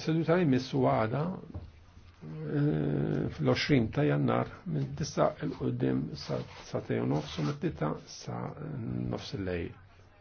Seduta li missu għada e, fl-20 ta' jannar minn disa il-qoddim sa' tejon nofsu mit-tita sa' nofs il-lejl.